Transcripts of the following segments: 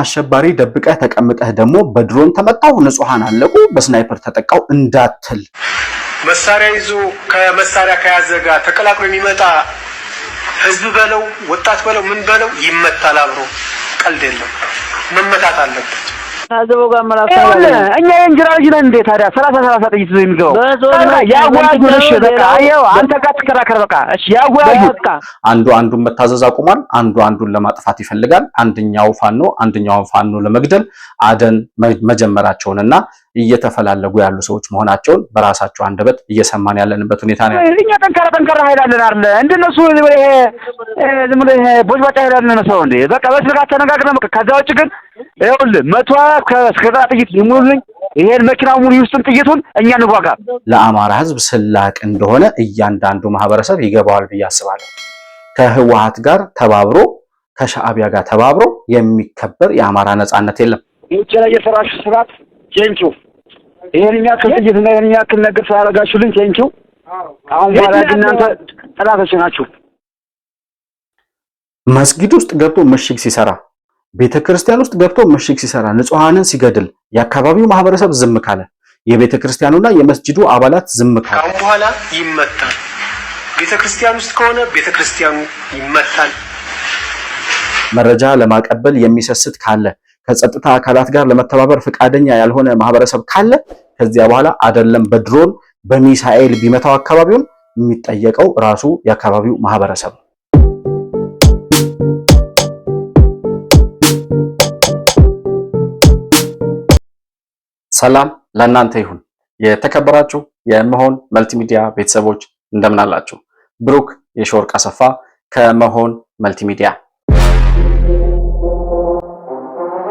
አሸባሪ ደብቀህ ተቀምጠህ ደግሞ በድሮን ተመጣው ንጹሐን አለቁ፣ በስናይፐር ተጠቃው እንዳትል መሳሪያ ይዞ ከመሳሪያ ከያዘ ጋር ተቀላቅሎ የሚመጣ ህዝብ በለው ወጣት በለው ምን በለው ይመታል አብሮ። ቀልድ የለም፣ መመታት አለበት። እኛ የእንጀራ ልጅ ነን እንዴ ታዲያ? ሰላሳ ሰላሳ ጥይት ነው የሚገባው። ያወያዩን። እሺ በቃ ይኸው አንተ ጋር ትከራከር። በቃ እሺ ያወያዩን። አንዱ አንዱን መታዘዝ አቁሟል። አንዱ አንዱን ለማጥፋት ይፈልጋል። አንደኛው ፋኖ አንደኛው ፋኖ ለመግደል አደን መጀመራቸውንና እየተፈላለጉ ያሉ ሰዎች መሆናቸውን በራሳቸው አንደበት እየሰማን ያለንበት ሁኔታ ነው። እኛ ጠንካራ ጠንካራ ኃይል አለን አይደለ? እንደነሱ ዝም ብሎ ቦጭባጫ ኃይል አለን ነው እንዴ? በቃ በስልካቸው ተነጋግረን በቃ። ከዛ ውጭ ግን ይኸውልህ መቶ ከስከዛ ጥይት ይሙሉልኝ ይሄን መኪና ሙሉ ውስጥን ጥይቱን እኛ እንዋጋ። ለአማራ ሕዝብ ስላቅ እንደሆነ እያንዳንዱ ማህበረሰብ ይገባዋል ብዬ አስባለሁ። ከህወሓት ጋር ተባብሮ ከሻዕቢያ ጋር ተባብሮ የሚከበር የአማራ ነጻነት የለም። የውጭ ላይ የሰራሽ ስርዓት ቴንኪው። ይሄን የሚያክል ጥይት እና ይሄን የሚያክል ነገር ስላደረጋችሁልኝ ቴንኪው። አሁን በኋላ ግን እናንተ ጠላቶች ናችሁ። መስጊድ ውስጥ ገብቶ ምሽግ ሲሰራ፣ ቤተ ክርስቲያን ውስጥ ገብቶ ምሽግ ሲሰራ፣ ንጹሐንን ሲገድል የአካባቢው ማህበረሰብ ዝም ካለ፣ የቤተ ክርስቲያኑና የመስጂዱ አባላት ዝም ካለ አሁን በኋላ ይመታል። ቤተ ክርስቲያን ውስጥ ከሆነ ቤተ ክርስቲያኑ ይመታል። መረጃ ለማቀበል የሚሰስት ካለ ከጸጥታ አካላት ጋር ለመተባበር ፈቃደኛ ያልሆነ ማህበረሰብ ካለ ከዚያ በኋላ አይደለም በድሮን በሚሳኤል ቢመታው አካባቢውን የሚጠየቀው ራሱ የአካባቢው ማህበረሰብ ነው። ሰላም ለእናንተ ይሁን። የተከበራችሁ የመሆን መልቲሚዲያ ቤተሰቦች እንደምን አላችሁ? ብሩክ የሾርቅ አሰፋ ከመሆን መልቲሚዲያ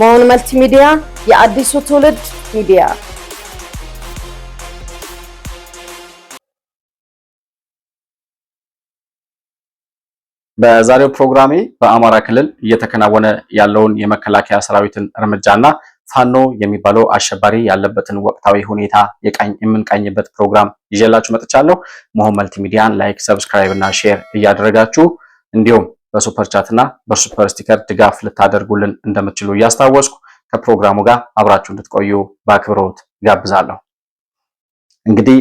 መሆን መልቲ ሚዲያ የአዲሱ ትውልድ ሚዲያ በዛሬው ፕሮግራሜ በአማራ ክልል እየተከናወነ ያለውን የመከላከያ ሰራዊትን እርምጃና ፋኖ የሚባለው አሸባሪ ያለበትን ወቅታዊ ሁኔታ የምንቃኝበት ፕሮግራም ይዤላችሁ መጥቻለሁ። መሆን መልቲ ሚዲያን ላይክ፣ ሰብስክራይብ እና ሼር እያደረጋችሁ እንዲሁም በሱፐር ቻት እና በሱፐር ስቲከር ድጋፍ ልታደርጉልን እንደምትችሉ እያስታወስኩ ከፕሮግራሙ ጋር አብራችሁ እንድትቆዩ በአክብሮት ጋብዛለሁ። እንግዲህ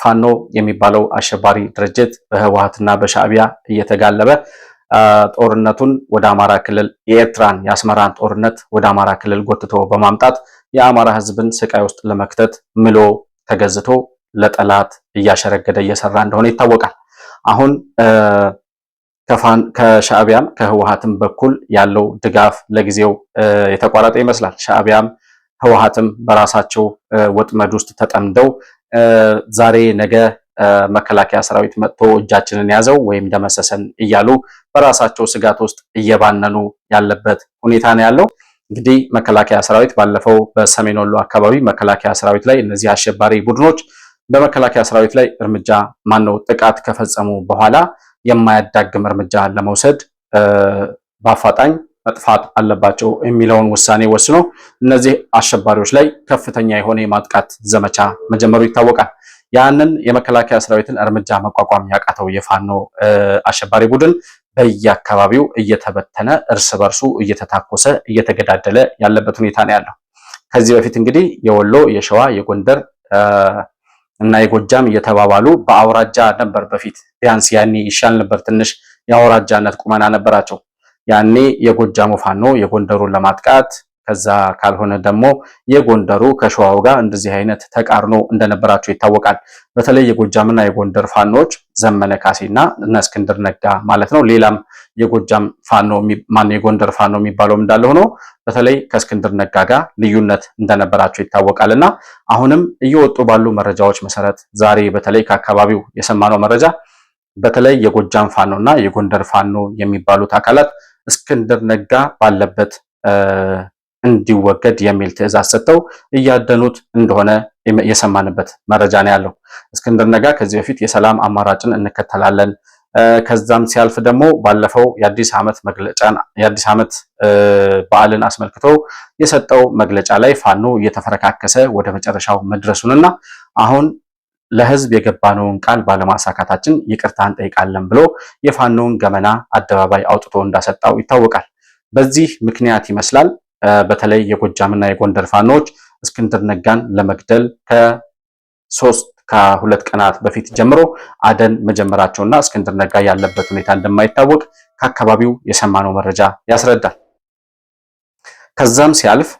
ፋኖ የሚባለው አሸባሪ ድርጅት በህወሓትና በሻዕቢያ እየተጋለበ ጦርነቱን ወደ አማራ ክልል የኤርትራን የአስመራን ጦርነት ወደ አማራ ክልል ጎትቶ በማምጣት የአማራ ህዝብን ስቃይ ውስጥ ለመክተት ምሎ ተገዝቶ ለጠላት እያሸረገደ እየሰራ እንደሆነ ይታወቃል። አሁን ከሻዕቢያም ከህወሀትም በኩል ያለው ድጋፍ ለጊዜው የተቋረጠ ይመስላል። ሻዕቢያም ህወሀትም በራሳቸው ወጥመድ ውስጥ ተጠምደው ዛሬ ነገ መከላከያ ሰራዊት መጥቶ እጃችንን ያዘው ወይም ደመሰሰን እያሉ በራሳቸው ስጋት ውስጥ እየባነኑ ያለበት ሁኔታ ነው ያለው። እንግዲህ መከላከያ ሰራዊት ባለፈው በሰሜን ወሎ አካባቢ መከላከያ ሰራዊት ላይ እነዚህ አሸባሪ ቡድኖች በመከላከያ ሰራዊት ላይ እርምጃ ማነው ጥቃት ከፈጸሙ በኋላ የማያዳግም እርምጃ ለመውሰድ በአፋጣኝ መጥፋት አለባቸው የሚለውን ውሳኔ ወስኖ እነዚህ አሸባሪዎች ላይ ከፍተኛ የሆነ የማጥቃት ዘመቻ መጀመሩ ይታወቃል። ያንን የመከላከያ ሰራዊትን እርምጃ መቋቋም ያቃተው የፋኖ አሸባሪ ቡድን በየአካባቢው እየተበተነ እርስ በርሱ እየተታኮሰ እየተገዳደለ ያለበት ሁኔታ ነው ያለው። ከዚህ በፊት እንግዲህ የወሎ፣ የሸዋ፣ የጎንደር እና የጎጃም እየተባባሉ በአውራጃ ነበር በፊት ቢያንስ ያኔ ይሻል ነበር። ትንሽ የአውራጃነት ቁመና ነበራቸው። ያኔ የጎጃሙ ፋኖ የጎንደሩን ለማጥቃት ከዛ ካልሆነ ደግሞ የጎንደሩ ከሸዋው ጋር እንደዚህ አይነት ተቃርኖ እንደነበራቸው ይታወቃል። በተለይ የጎጃምና የጎንደር ፋኖዎች ዘመነ ካሴና እነ እስክንድር ነጋ ማለት ነው። ሌላም የጎጃም ፋኖ ማን የጎንደር ፋኖ የሚባለው እንዳለ ሆኖ በተለይ ከእስክንድር ነጋ ጋር ልዩነት እንደነበራቸው ይታወቃል። እና አሁንም እየወጡ ባሉ መረጃዎች መሰረት ዛሬ በተለይ ከአካባቢው የሰማነው መረጃ በተለይ የጎጃም ፋኖ እና የጎንደር ፋኖ የሚባሉት አካላት እስክንድር ነጋ ባለበት እንዲወገድ የሚል ትዕዛዝ ሰጥተው እያደኑት እንደሆነ የሰማንበት መረጃ ነው ያለው። እስክንድር ነጋ ከዚህ በፊት የሰላም አማራጭን እንከተላለን ከዛም ሲያልፍ ደግሞ ባለፈው የአዲስ ዓመት መግለጫን የአዲስ ዓመት በዓልን አስመልክቶ የሰጠው መግለጫ ላይ ፋኖ እየተፈረካከሰ ወደ መጨረሻው መድረሱንና አሁን ለህዝብ የገባነውን ቃል ባለማሳካታችን ይቅርታ እንጠይቃለን ብሎ የፋኖውን ገመና አደባባይ አውጥቶ እንዳሰጣው ይታወቃል። በዚህ ምክንያት ይመስላል በተለይ የጎጃምና የጎንደር ፋኖች እስክንድር ነጋን ለመግደል ከሶስት ከሁለት ቀናት በፊት ጀምሮ አደን መጀመራቸውና እስክንድር ነጋ ያለበት ሁኔታ እንደማይታወቅ ከአካባቢው የሰማነው መረጃ ያስረዳል። ከዛም ሲያልፍ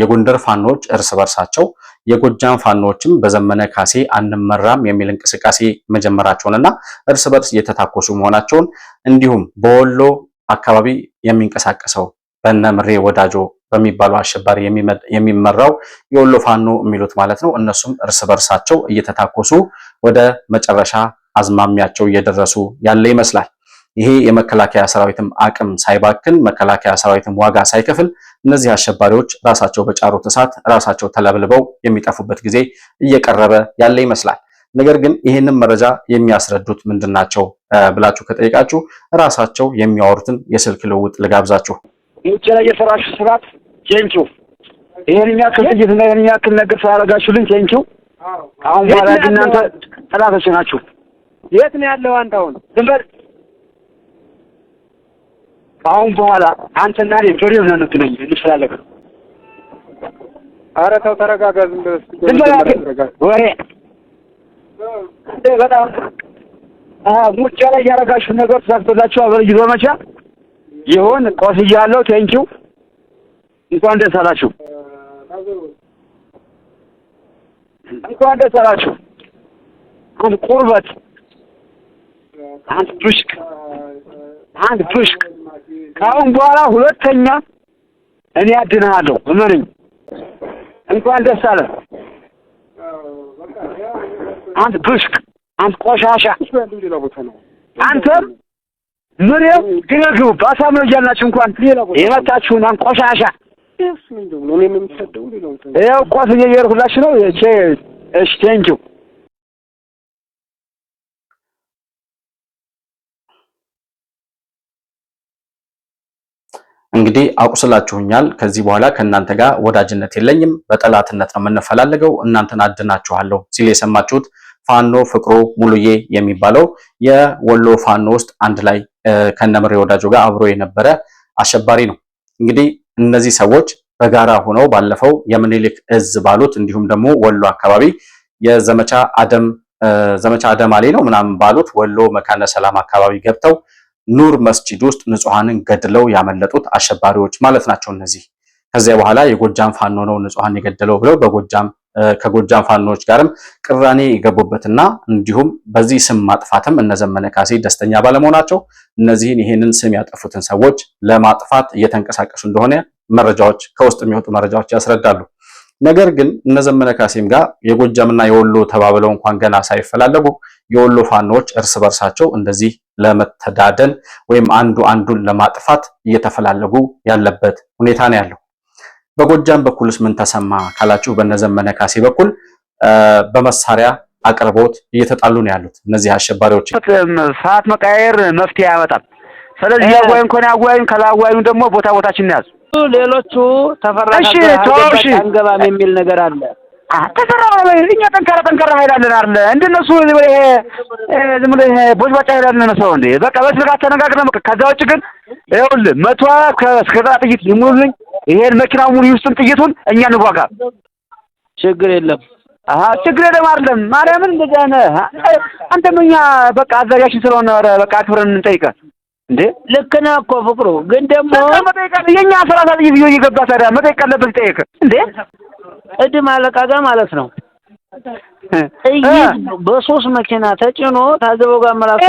የጎንደር ፋኖች እርስ በርሳቸው የጎጃም ፋኖችም በዘመነ ካሴ አንመራም የሚል እንቅስቃሴ መጀመራቸውንና እርስ በርስ እየተታኮሱ መሆናቸውን እንዲሁም በወሎ አካባቢ የሚንቀሳቀሰው በእነ ወዳጆ በሚባሉ አሸባሪ የሚመራው የወሎ ፋኖ የሚሉት ማለት ነው። እነሱም እርስ በርሳቸው እየተታኮሱ ወደ መጨረሻ አዝማሚያቸው እየደረሱ ያለ ይመስላል። ይሄ የመከላከያ ሰራዊትም አቅም ሳይባክን መከላከያ ሰራዊትም ዋጋ ሳይከፍል እነዚህ አሸባሪዎች ራሳቸው በጫሩት እሳት ራሳቸው ተለብልበው የሚጠፉበት ጊዜ እየቀረበ ያለ ይመስላል። ነገር ግን ይህንን መረጃ የሚያስረዱት ምንድን ናቸው ብላችሁ ከጠየቃችሁ ራሳቸው የሚያወሩትን የስልክ ልውውጥ ልጋብዛችሁ። የውጭ ላይ የሰራሽ ስራት ቴንኪው። ይሄን የሚያክል ጥይት እና ይሄን የሚያክል ነገር ስላደረጋችሁልኝ ቴንኪው። አሁን በኋላ ግን እናንተ ጠላቶች ናችሁ። የት ነው ያለው አንተ? አሁን ዝም አሁን በኋላ አንተና እኔ ጆሪ ነው እንገናኝ እንስላለህ። ኧረ ተው ተረጋጋ። ዝም በል ወሬ በጣም ሙጫ ላይ ያደረጋችሁ ነገር ስላስበዛችሁ አበል ይዞ መቻ ይሁን ቆስያለሁ። ቴንኪው እንኳን ደስ አላችሁ፣ እንኳን ደስ አላችሁ። አንድ ቁርበት፣ አንድ ዱሽቅ፣ አንድ ዱሽቅ። ከአሁን በኋላ ሁለተኛ እኔ አድንሃለሁ። እመነኝ። እንኳን ደስ አለ። አንድ ዱሽቅ፣ አንድ ቆሻሻ አንተም ምን ግነግቡ ባሳምነው እያልናችሁ እንኳን የመታችሁን ቆሻሻ ይኸው ቆስ እየየርኩላችሁ ነው። እሺ ቴንኪው እንግዲህ አቁስላችሁኛል። ከዚህ በኋላ ከእናንተ ጋር ወዳጅነት የለኝም፣ በጠላትነት ነው የምንፈላለገው፣ እናንተን አድናችኋለሁ ሲል የሰማችሁት ፋኖ ፍቅሩ ሙሉዬ የሚባለው የወሎ ፋኖ ውስጥ አንድ ላይ ከነምሬ ወዳጆ ጋር አብሮ የነበረ አሸባሪ ነው። እንግዲህ እነዚህ ሰዎች በጋራ ሆነው ባለፈው የምኒልክ እዝ ባሉት እንዲሁም ደግሞ ወሎ አካባቢ የዘመቻ አደም ዘመቻ አደማሌ ነው ምናምን ባሉት ወሎ መካነ ሰላም አካባቢ ገብተው ኑር መስጂድ ውስጥ ንጹሐንን ገድለው ያመለጡት አሸባሪዎች ማለት ናቸው እነዚህ። ከዚያ በኋላ የጎጃም ፋኖ ነው ንጹሐን የገደለው ብለው በጎጃም ከጎጃም ፋኖች ጋርም ቅራኔ የገቡበትና እንዲሁም በዚህ ስም ማጥፋትም እነዘመነ ካሴ ደስተኛ ባለመሆናቸው እነዚህን ይህንን ስም ያጠፉትን ሰዎች ለማጥፋት እየተንቀሳቀሱ እንደሆነ መረጃዎች ከውስጥ የሚወጡ መረጃዎች ያስረዳሉ። ነገር ግን እነዘመነ ካሴም ጋር የጎጃምና የወሎ ተባብለው እንኳን ገና ሳይፈላለጉ የወሎ ፋኖዎች እርስ በርሳቸው እንደዚህ ለመተዳደን ወይም አንዱ አንዱን ለማጥፋት እየተፈላለጉ ያለበት ሁኔታ ነው ያለው። በጎጃም በኩልስ ምን ተሰማ ካላችሁ በነዘመነ ካሴ በኩል በመሳሪያ አቅርቦት እየተጣሉ ነው ያሉት እነዚህ አሸባሪዎች። ሰዓት መቀያየር መፍትሄ አያመጣም። ስለዚህ ያጓይን ከሆነ ያጓይን ካላጓይን ደግሞ ቦታ ቦታችን ያዙ። ሌሎቹ ተፈራሽ አንገባም የሚል ነገር አለ። ተሰራ እኛ ጠንካራ ጠንካራ ኃይል አለን አለ እንደነሱ ይሄ ዝም ብሎ ይሄ ቦጭባጫ ኃይል አለን ነው ሰው እንዴ? በቃ በስልካቸው ተነጋግረን በቃ ከዛ ውጭ ግን ይኸውልህ መቶ ከስከዛ ጥይት ይሙሉልኝ ይሄን መኪና ሙሉ ይውስጥን ጥይቱን፣ እኛ እንዋጋ። ችግር የለም። አሀ ችግር የለም አይደለም። ማርያምን እንደዚህ አይነት አንተም እኛ በቃ አዛዣችን ስለሆነ በቃ አክብረን እንጠይቀ እንዴ። ልክ ነህ እኮ ፍቅሩ፣ ግን ደግሞ የኛ ሰላሳ ልጅ ብዬ እየገባ ታዲያ መጠየቅ አለበት። ጠየቅ እንዴ እድም አለቃ ጋር ማለት ነው በሶስት መኪና ተጭኖ ታዘበ ጋር መላክ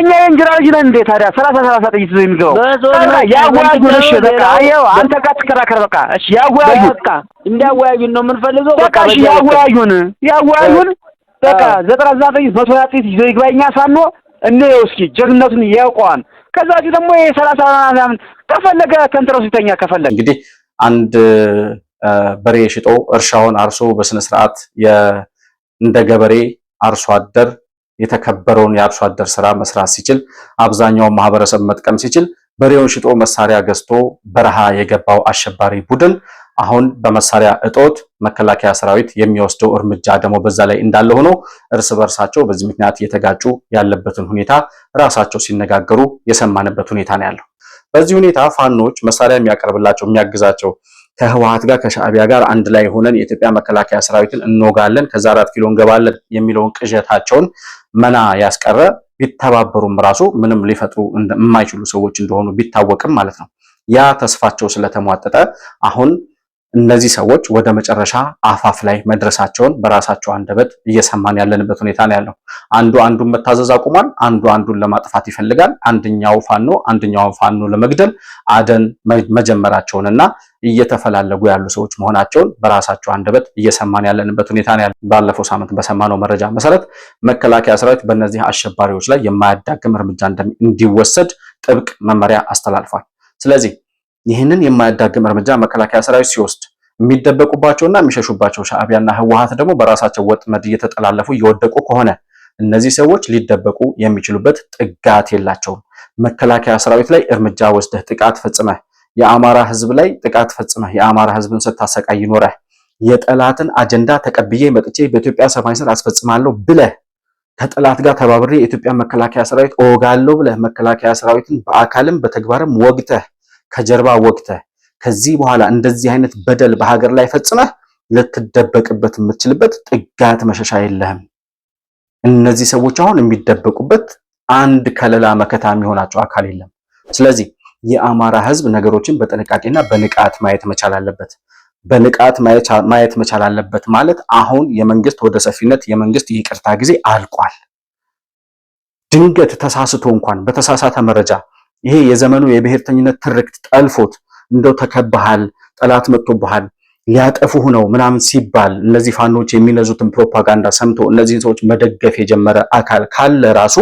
እኛ የእንጀራ ልጅ ነን እንዴ ታዲያ? ሰላሳ ሰላሳ ጥይት ይዞ የሚገባው በቃ አየው፣ አንተ ጋር ትከራከር። በቃ እሺ፣ በቃ እንዲያወያዩን ነው የምንፈልገው። በቃ እሺ፣ ያወያዩን ያወያዩን። በቃ ዘጠና ዘጠና ጥይት መቶ ጥይት ይዞ ይግባ። እኛ ሳኖ እንየው እስኪ ከዛ ደግሞ ምናምን ከፈለገ ተንትረሱ ይተኛ ከፈለገ እንግዲህ አንድ በሬ ሽጦ እርሻውን አርሶ በስነስርዓት እንደ ገበሬ አርሶ አደር የተከበረውን የአርሶ አደር ስራ መስራት ሲችል አብዛኛውን ማህበረሰብ መጥቀም ሲችል በሬውን ሽጦ መሳሪያ ገዝቶ በረሃ የገባው አሸባሪ ቡድን አሁን በመሳሪያ እጦት መከላከያ ሰራዊት የሚወስደው እርምጃ ደግሞ በዛ ላይ እንዳለ ሆኖ እርስ በርሳቸው በዚህ ምክንያት እየተጋጩ ያለበትን ሁኔታ ራሳቸው ሲነጋገሩ የሰማንበት ሁኔታ ነው ያለው። በዚህ ሁኔታ ፋኖች መሳሪያ የሚያቀርብላቸው የሚያግዛቸው ከህወሓት ጋር ከሻዕቢያ ጋር አንድ ላይ ሆነን የኢትዮጵያ መከላከያ ሰራዊትን እንወጋለን፣ ከዛ አራት ኪሎ እንገባለን የሚለውን ቅዠታቸውን መና ያስቀረ ቢተባበሩም ራሱ ምንም ሊፈጥሩ የማይችሉ ሰዎች እንደሆኑ ቢታወቅም ማለት ነው ያ ተስፋቸው ስለተሟጠጠ አሁን እነዚህ ሰዎች ወደ መጨረሻ አፋፍ ላይ መድረሳቸውን በራሳቸው አንደበት እየሰማን ያለንበት ሁኔታ ነው ያለው። አንዱ አንዱን መታዘዝ አቁሟል። አንዱ አንዱን ለማጥፋት ይፈልጋል። አንደኛው ፋኖ አንደኛውን ፋኖ ለመግደል አደን መጀመራቸውንና እየተፈላለጉ ያሉ ሰዎች መሆናቸውን በራሳቸው አንደበት እየሰማን ያለንበት ሁኔታ ነው ያለው። ባለፈው ሳምንት በሰማነው መረጃ መሰረት መከላከያ ሰራዊት በእነዚህ አሸባሪዎች ላይ የማያዳግም እርምጃ እንዲወሰድ ጥብቅ መመሪያ አስተላልፏል። ስለዚህ ይህንን የማያዳግም እርምጃ መከላከያ ሰራዊት ሲወስድ የሚደበቁባቸውና የሚሸሹባቸው ሻዕቢያና ህወሀት ደግሞ በራሳቸው ወጥመድ እየተጠላለፉ እየወደቁ ከሆነ እነዚህ ሰዎች ሊደበቁ የሚችሉበት ጥጋት የላቸውም። መከላከያ ሰራዊት ላይ እርምጃ ወስደህ ጥቃት ፈጽመህ የአማራ ህዝብ ላይ ጥቃት ፈጽመህ የአማራ ህዝብን ስታሰቃይ ይኖረህ የጠላትን አጀንዳ ተቀብዬ መጥቼ በኢትዮጵያ ሰማይ ስር አስፈጽማለሁ ብለህ ከጠላት ጋር ተባብሬ የኢትዮጵያ መከላከያ ሰራዊት እወጋለሁ ብለህ መከላከያ ሰራዊትን በአካልም በተግባርም ወግተህ ከጀርባ ወግተህ ከዚህ በኋላ እንደዚህ አይነት በደል በሀገር ላይ ፈጽመህ ልትደበቅበት የምትችልበት ጥጋት መሸሻ የለህም። እነዚህ ሰዎች አሁን የሚደበቁበት አንድ ከለላ መከታ የሚሆናቸው አካል የለም። ስለዚህ የአማራ ህዝብ ነገሮችን በጥንቃቄና በንቃት ማየት መቻል አለበት። በንቃት ማየት መቻል አለበት ማለት አሁን የመንግስት ወደ ሰፊነት የመንግስት ይቅርታ ጊዜ አልቋል። ድንገት ተሳስቶ እንኳን በተሳሳተ መረጃ ይሄ የዘመኑ የብሔርተኝነት ትርክት ጠልፎት እንደው ተከባሃል፣ ጠላት መጥቶብሃል፣ ሊያጠፉህ ነው ምናምን ሲባል እነዚህ ፋኖች የሚነዙትን ፕሮፓጋንዳ ሰምቶ እነዚህን ሰዎች መደገፍ የጀመረ አካል ካለ ራሱ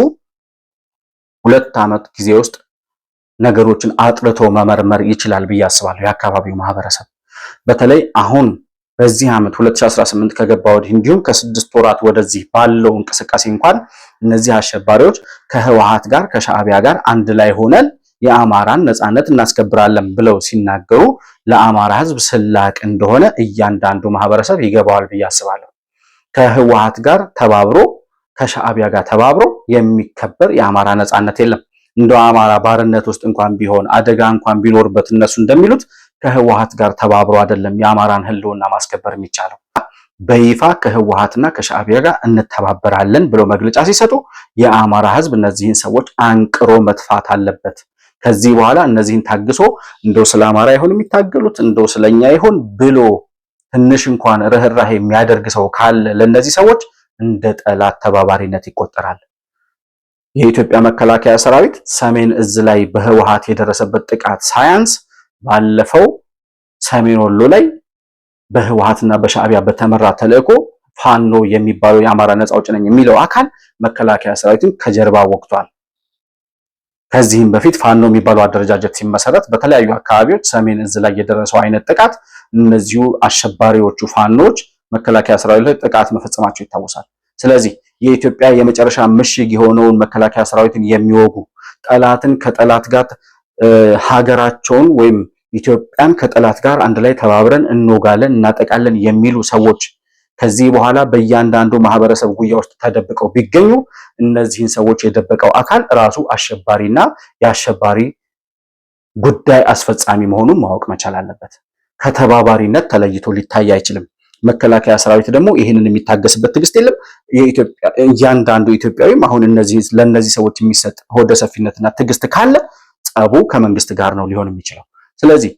ሁለት ዓመት ጊዜ ውስጥ ነገሮችን አጥርቶ መመርመር ይችላል ብዬ አስባለሁ። የአካባቢው ማህበረሰብ በተለይ አሁን በዚህ ዓመት 2018 ከገባ ወዲህ እንዲሁም ከስድስት ወራት ወደዚህ ባለው እንቅስቃሴ እንኳን እነዚህ አሸባሪዎች ከህወሓት ጋር ከሻዕቢያ ጋር አንድ ላይ ሆነን የአማራን ነፃነት እናስከብራለን ብለው ሲናገሩ ለአማራ ህዝብ ስላቅ እንደሆነ እያንዳንዱ ማህበረሰብ ይገባዋል ብዬ አስባለሁ። ከህወሓት ጋር ተባብሮ ከሻዕቢያ ጋር ተባብሮ የሚከበር የአማራ ነፃነት የለም። እንደው አማራ ባርነት ውስጥ እንኳን ቢሆን አደጋ እንኳን ቢኖርበት እነሱ እንደሚሉት ከህወሓት ጋር ተባብሮ አይደለም የአማራን ህልውና ማስከበር የሚቻለው። በይፋ ከህወሓትና ከሻዕቢያ ጋር እንተባበራለን ብለው መግለጫ ሲሰጡ የአማራ ህዝብ እነዚህን ሰዎች አንቅሮ መጥፋት አለበት። ከዚህ በኋላ እነዚህን ታግሶ እንደው ስለ አማራ ይሆን የሚታገሉት እንደው ስለኛ ይሆን ብሎ ትንሽ እንኳን ርህራሄ የሚያደርግ ሰው ካለ ለእነዚህ ሰዎች እንደ ጠላት ተባባሪነት ይቆጠራል። የኢትዮጵያ መከላከያ ሰራዊት ሰሜን እዝ ላይ በህወሓት የደረሰበት ጥቃት ሳያንስ ባለፈው ሰሜን ወሎ ላይ በህወሓትና በሻዕቢያ በተመራ ተልእኮ ፋኖ የሚባለው የአማራ ነጻ አውጪ ነኝ የሚለው አካል መከላከያ ሰራዊትን ከጀርባ ወቅቷል። ከዚህም በፊት ፋኖ የሚባለው አደረጃጀት ሲመሰረት በተለያዩ አካባቢዎች ሰሜን እዝ ላይ የደረሰው አይነት ጥቃት እነዚሁ አሸባሪዎቹ ፋኖች መከላከያ ሰራዊት ላይ ጥቃት መፈጸማቸው ይታወሳል። ስለዚህ የኢትዮጵያ የመጨረሻ ምሽግ የሆነውን መከላከያ ሰራዊትን የሚወጉ ጠላትን ከጠላት ጋር ሀገራቸውን ወይም ኢትዮጵያን ከጠላት ጋር አንድ ላይ ተባብረን እንወጋለን እናጠቃለን የሚሉ ሰዎች ከዚህ በኋላ በእያንዳንዱ ማህበረሰብ ጉያ ውስጥ ተደብቀው ቢገኙ እነዚህን ሰዎች የደበቀው አካል ራሱ አሸባሪና የአሸባሪ ጉዳይ አስፈጻሚ መሆኑን ማወቅ መቻል አለበት። ከተባባሪነት ተለይቶ ሊታይ አይችልም። መከላከያ ሰራዊት ደግሞ ይህንን የሚታገስበት ትግስት የለም። እያንዳንዱ ኢትዮጵያዊም አሁን ለእነዚህ ሰዎች የሚሰጥ ሆደ ሰፊነትና ትግስት ካለ ጸቡ ከመንግስት ጋር ነው ሊሆን የሚችለው። ስለዚህ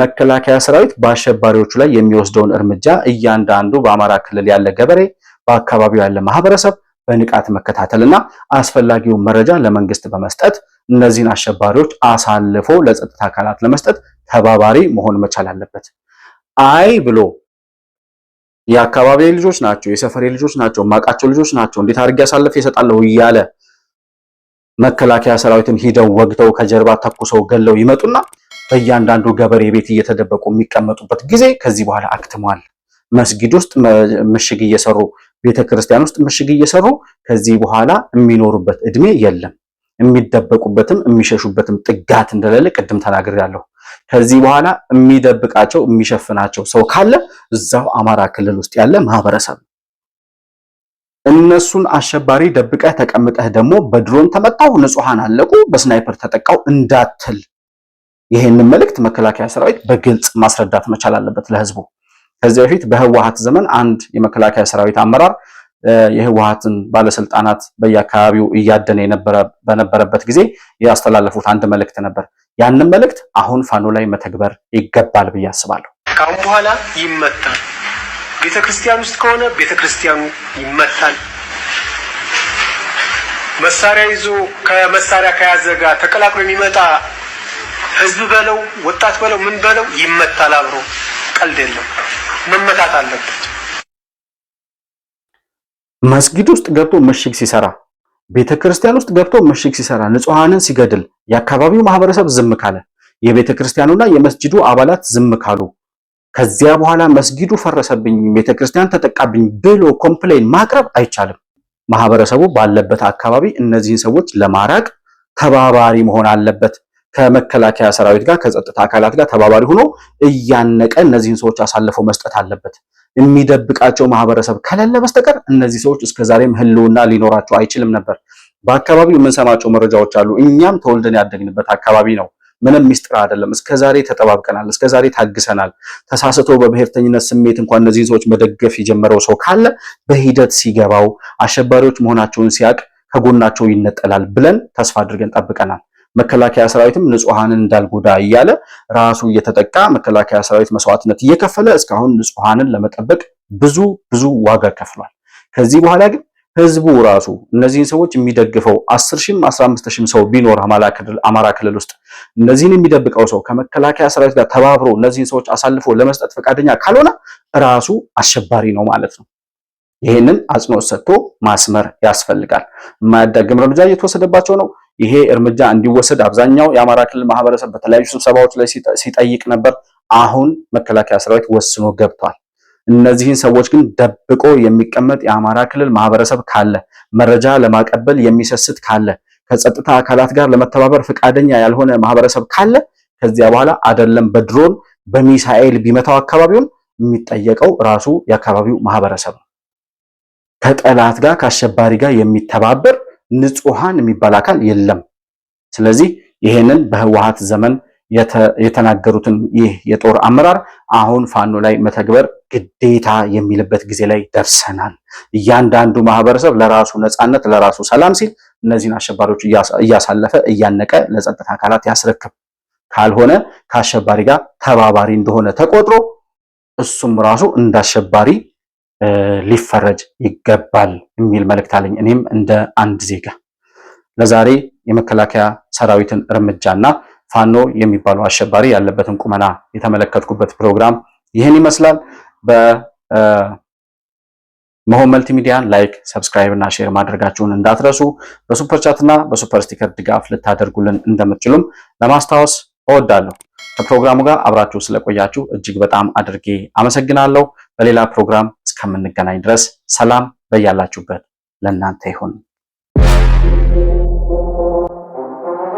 መከላከያ ሰራዊት በአሸባሪዎቹ ላይ የሚወስደውን እርምጃ እያንዳንዱ በአማራ ክልል ያለ ገበሬ፣ በአካባቢው ያለ ማህበረሰብ በንቃት መከታተልና አስፈላጊውን መረጃ ለመንግስት በመስጠት እነዚህን አሸባሪዎች አሳልፎ ለጸጥታ አካላት ለመስጠት ተባባሪ መሆን መቻል አለበት። አይ ብሎ የአካባቢ ልጆች ናቸው፣ የሰፈሬ ልጆች ናቸው፣ ማቃቸው ልጆች ናቸው፣ እንዴት አድርጌ አሳልፌ ይሰጣለሁ እያለ መከላከያ ሰራዊትን ሂደው ወግተው ከጀርባ ተኩሰው ገለው ይመጡና በእያንዳንዱ ገበሬ ቤት እየተደበቁ የሚቀመጡበት ጊዜ ከዚህ በኋላ አክትሟል። መስጊድ ውስጥ ምሽግ እየሰሩ ቤተ ክርስቲያን ውስጥ ምሽግ እየሰሩ ከዚህ በኋላ የሚኖሩበት እድሜ የለም። የሚደበቁበትም የሚሸሹበትም ጥጋት እንደሌለ ቅድም ተናግሬያለሁ። ከዚህ በኋላ የሚደብቃቸው የሚሸፍናቸው ሰው ካለ እዛው አማራ ክልል ውስጥ ያለ ማህበረሰብ እነሱን አሸባሪ ደብቀህ ተቀምጠህ ደግሞ በድሮን ተመታሁ፣ ንጹሐን አለቁ፣ በስናይፐር ተጠቃው እንዳትል ይሄንን መልእክት መከላከያ ሰራዊት በግልጽ ማስረዳት መቻል አለበት ለህዝቡ። ከዚህ በፊት በህወሀት ዘመን አንድ የመከላከያ ሰራዊት አመራር የህወሀትን ባለስልጣናት በየአካባቢው እያደነ በነበረበት ጊዜ ያስተላለፉት አንድ መልእክት ነበር። ያንን መልእክት አሁን ፋኖ ላይ መተግበር ይገባል ብዬ አስባለሁ። ካሁን በኋላ ይመታል ቤተ ክርስቲያን ውስጥ ከሆነ ቤተ ክርስቲያኑ ይመታል። መሳሪያ ይዞ ከመሳሪያ ከያዘ ጋር ተቀላቅሎ የሚመጣ ህዝብ በለው ወጣት በለው ምን በለው ይመታል አብሮ። ቀልድ የለም፣ መመታት አለበት። መስጊድ ውስጥ ገብቶ ምሽግ ሲሰራ፣ ቤተ ክርስቲያን ውስጥ ገብቶ ምሽግ ሲሰራ፣ ንጹሐንን ሲገድል፣ የአካባቢው ማህበረሰብ ዝም ካለ፣ የቤተ ክርስቲያኑና የመስጂዱ አባላት ዝም ካሉ ከዚያ በኋላ መስጊዱ ፈረሰብኝ፣ ቤተክርስቲያን ተጠቃብኝ ብሎ ኮምፕሌን ማቅረብ አይቻልም። ማህበረሰቡ ባለበት አካባቢ እነዚህን ሰዎች ለማራቅ ተባባሪ መሆን አለበት። ከመከላከያ ሰራዊት ጋር ከጸጥታ አካላት ጋር ተባባሪ ሆኖ እያነቀ እነዚህን ሰዎች አሳልፎ መስጠት አለበት። የሚደብቃቸው ማህበረሰብ ከሌለ በስተቀር እነዚህ ሰዎች እስከዛሬም ህልውና ሊኖራቸው አይችልም ነበር። በአካባቢው የምንሰማቸው መረጃዎች አሉ። እኛም ተወልደን ያደግንበት አካባቢ ነው። ምንም ሚስጥር አይደለም። እስከዛሬ ተጠባብቀናል፣ እስከዛሬ ታግሰናል። ተሳስቶ በብሔርተኝነት ስሜት እንኳን እነዚህን ሰዎች መደገፍ የጀመረው ሰው ካለ በሂደት ሲገባው አሸባሪዎች መሆናቸውን ሲያውቅ ከጎናቸው ይነጠላል ብለን ተስፋ አድርገን ጠብቀናል። መከላከያ ሰራዊትም ንጹሃንን እንዳልጎዳ እያለ ራሱ እየተጠቃ መከላከያ ሰራዊት መስዋዕትነት እየከፈለ እስካሁን ንጹሃንን ለመጠበቅ ብዙ ብዙ ዋጋ ከፍሏል። ከዚህ በኋላ ግን ህዝቡ ራሱ እነዚህን ሰዎች የሚደግፈው 10 ሺህም 15 ሺህም ሰው ቢኖር አማራ ክልል ውስጥ እነዚህን የሚደብቀው ሰው ከመከላከያ ሰራዊት ጋር ተባብሮ እነዚህን ሰዎች አሳልፎ ለመስጠት ፈቃደኛ ካልሆነ ራሱ አሸባሪ ነው ማለት ነው። ይህንን አጽንኦት ሰጥቶ ማስመር ያስፈልጋል። የማያዳግም እርምጃ እየተወሰደባቸው ነው። ይሄ እርምጃ እንዲወሰድ አብዛኛው የአማራ ክልል ማህበረሰብ በተለያዩ ስብሰባዎች ላይ ሲጠይቅ ነበር። አሁን መከላከያ ሰራዊት ወስኖ ገብቷል። እነዚህን ሰዎች ግን ደብቆ የሚቀመጥ የአማራ ክልል ማህበረሰብ ካለ፣ መረጃ ለማቀበል የሚሰስት ካለ፣ ከጸጥታ አካላት ጋር ለመተባበር ፈቃደኛ ያልሆነ ማህበረሰብ ካለ ከዚያ በኋላ አይደለም በድሮን በሚሳኤል ቢመታው አካባቢውን የሚጠየቀው ራሱ የአካባቢው ማህበረሰብ ነው። ከጠላት ጋር ከአሸባሪ ጋር የሚተባበር ንጹሃን የሚባል አካል የለም። ስለዚህ ይሄንን በህወሓት ዘመን የተናገሩትን ይህ የጦር አመራር አሁን ፋኖ ላይ መተግበር ግዴታ የሚልበት ጊዜ ላይ ደርሰናል። እያንዳንዱ ማህበረሰብ ለራሱ ነፃነት፣ ለራሱ ሰላም ሲል እነዚህን አሸባሪዎች እያሳለፈ እያነቀ ለጸጥታ አካላት ያስረክብ። ካልሆነ ከአሸባሪ ጋር ተባባሪ እንደሆነ ተቆጥሮ እሱም ራሱ እንደ አሸባሪ ሊፈረጅ ይገባል የሚል መልእክት አለኝ። እኔም እንደ አንድ ዜጋ ለዛሬ የመከላከያ ሰራዊትን እርምጃና ፋኖ የሚባለው አሸባሪ ያለበትን ቁመና የተመለከትኩበት ፕሮግራም ይህን ይመስላል። በመሆን መልቲሚዲያን ላይክ፣ ሰብስክራይብ እና ሼር ማድረጋችሁን እንዳትረሱ። በሱፐር ቻት እና በሱፐር ስቲከር ድጋፍ ልታደርጉልን እንደምትችሉም ለማስታወስ እወዳለሁ። ከፕሮግራሙ ጋር አብራችሁ ስለቆያችሁ እጅግ በጣም አድርጌ አመሰግናለሁ። በሌላ ፕሮግራም እስከምንገናኝ ድረስ ሰላም በያላችሁበት ለእናንተ ይሁን።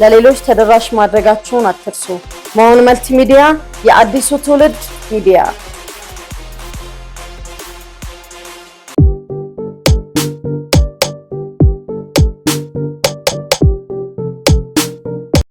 ለሌሎች ተደራሽ ማድረጋቸውን አትርሱ። መሆን መልቲሚዲያ የአዲሱ ትውልድ ሚዲያ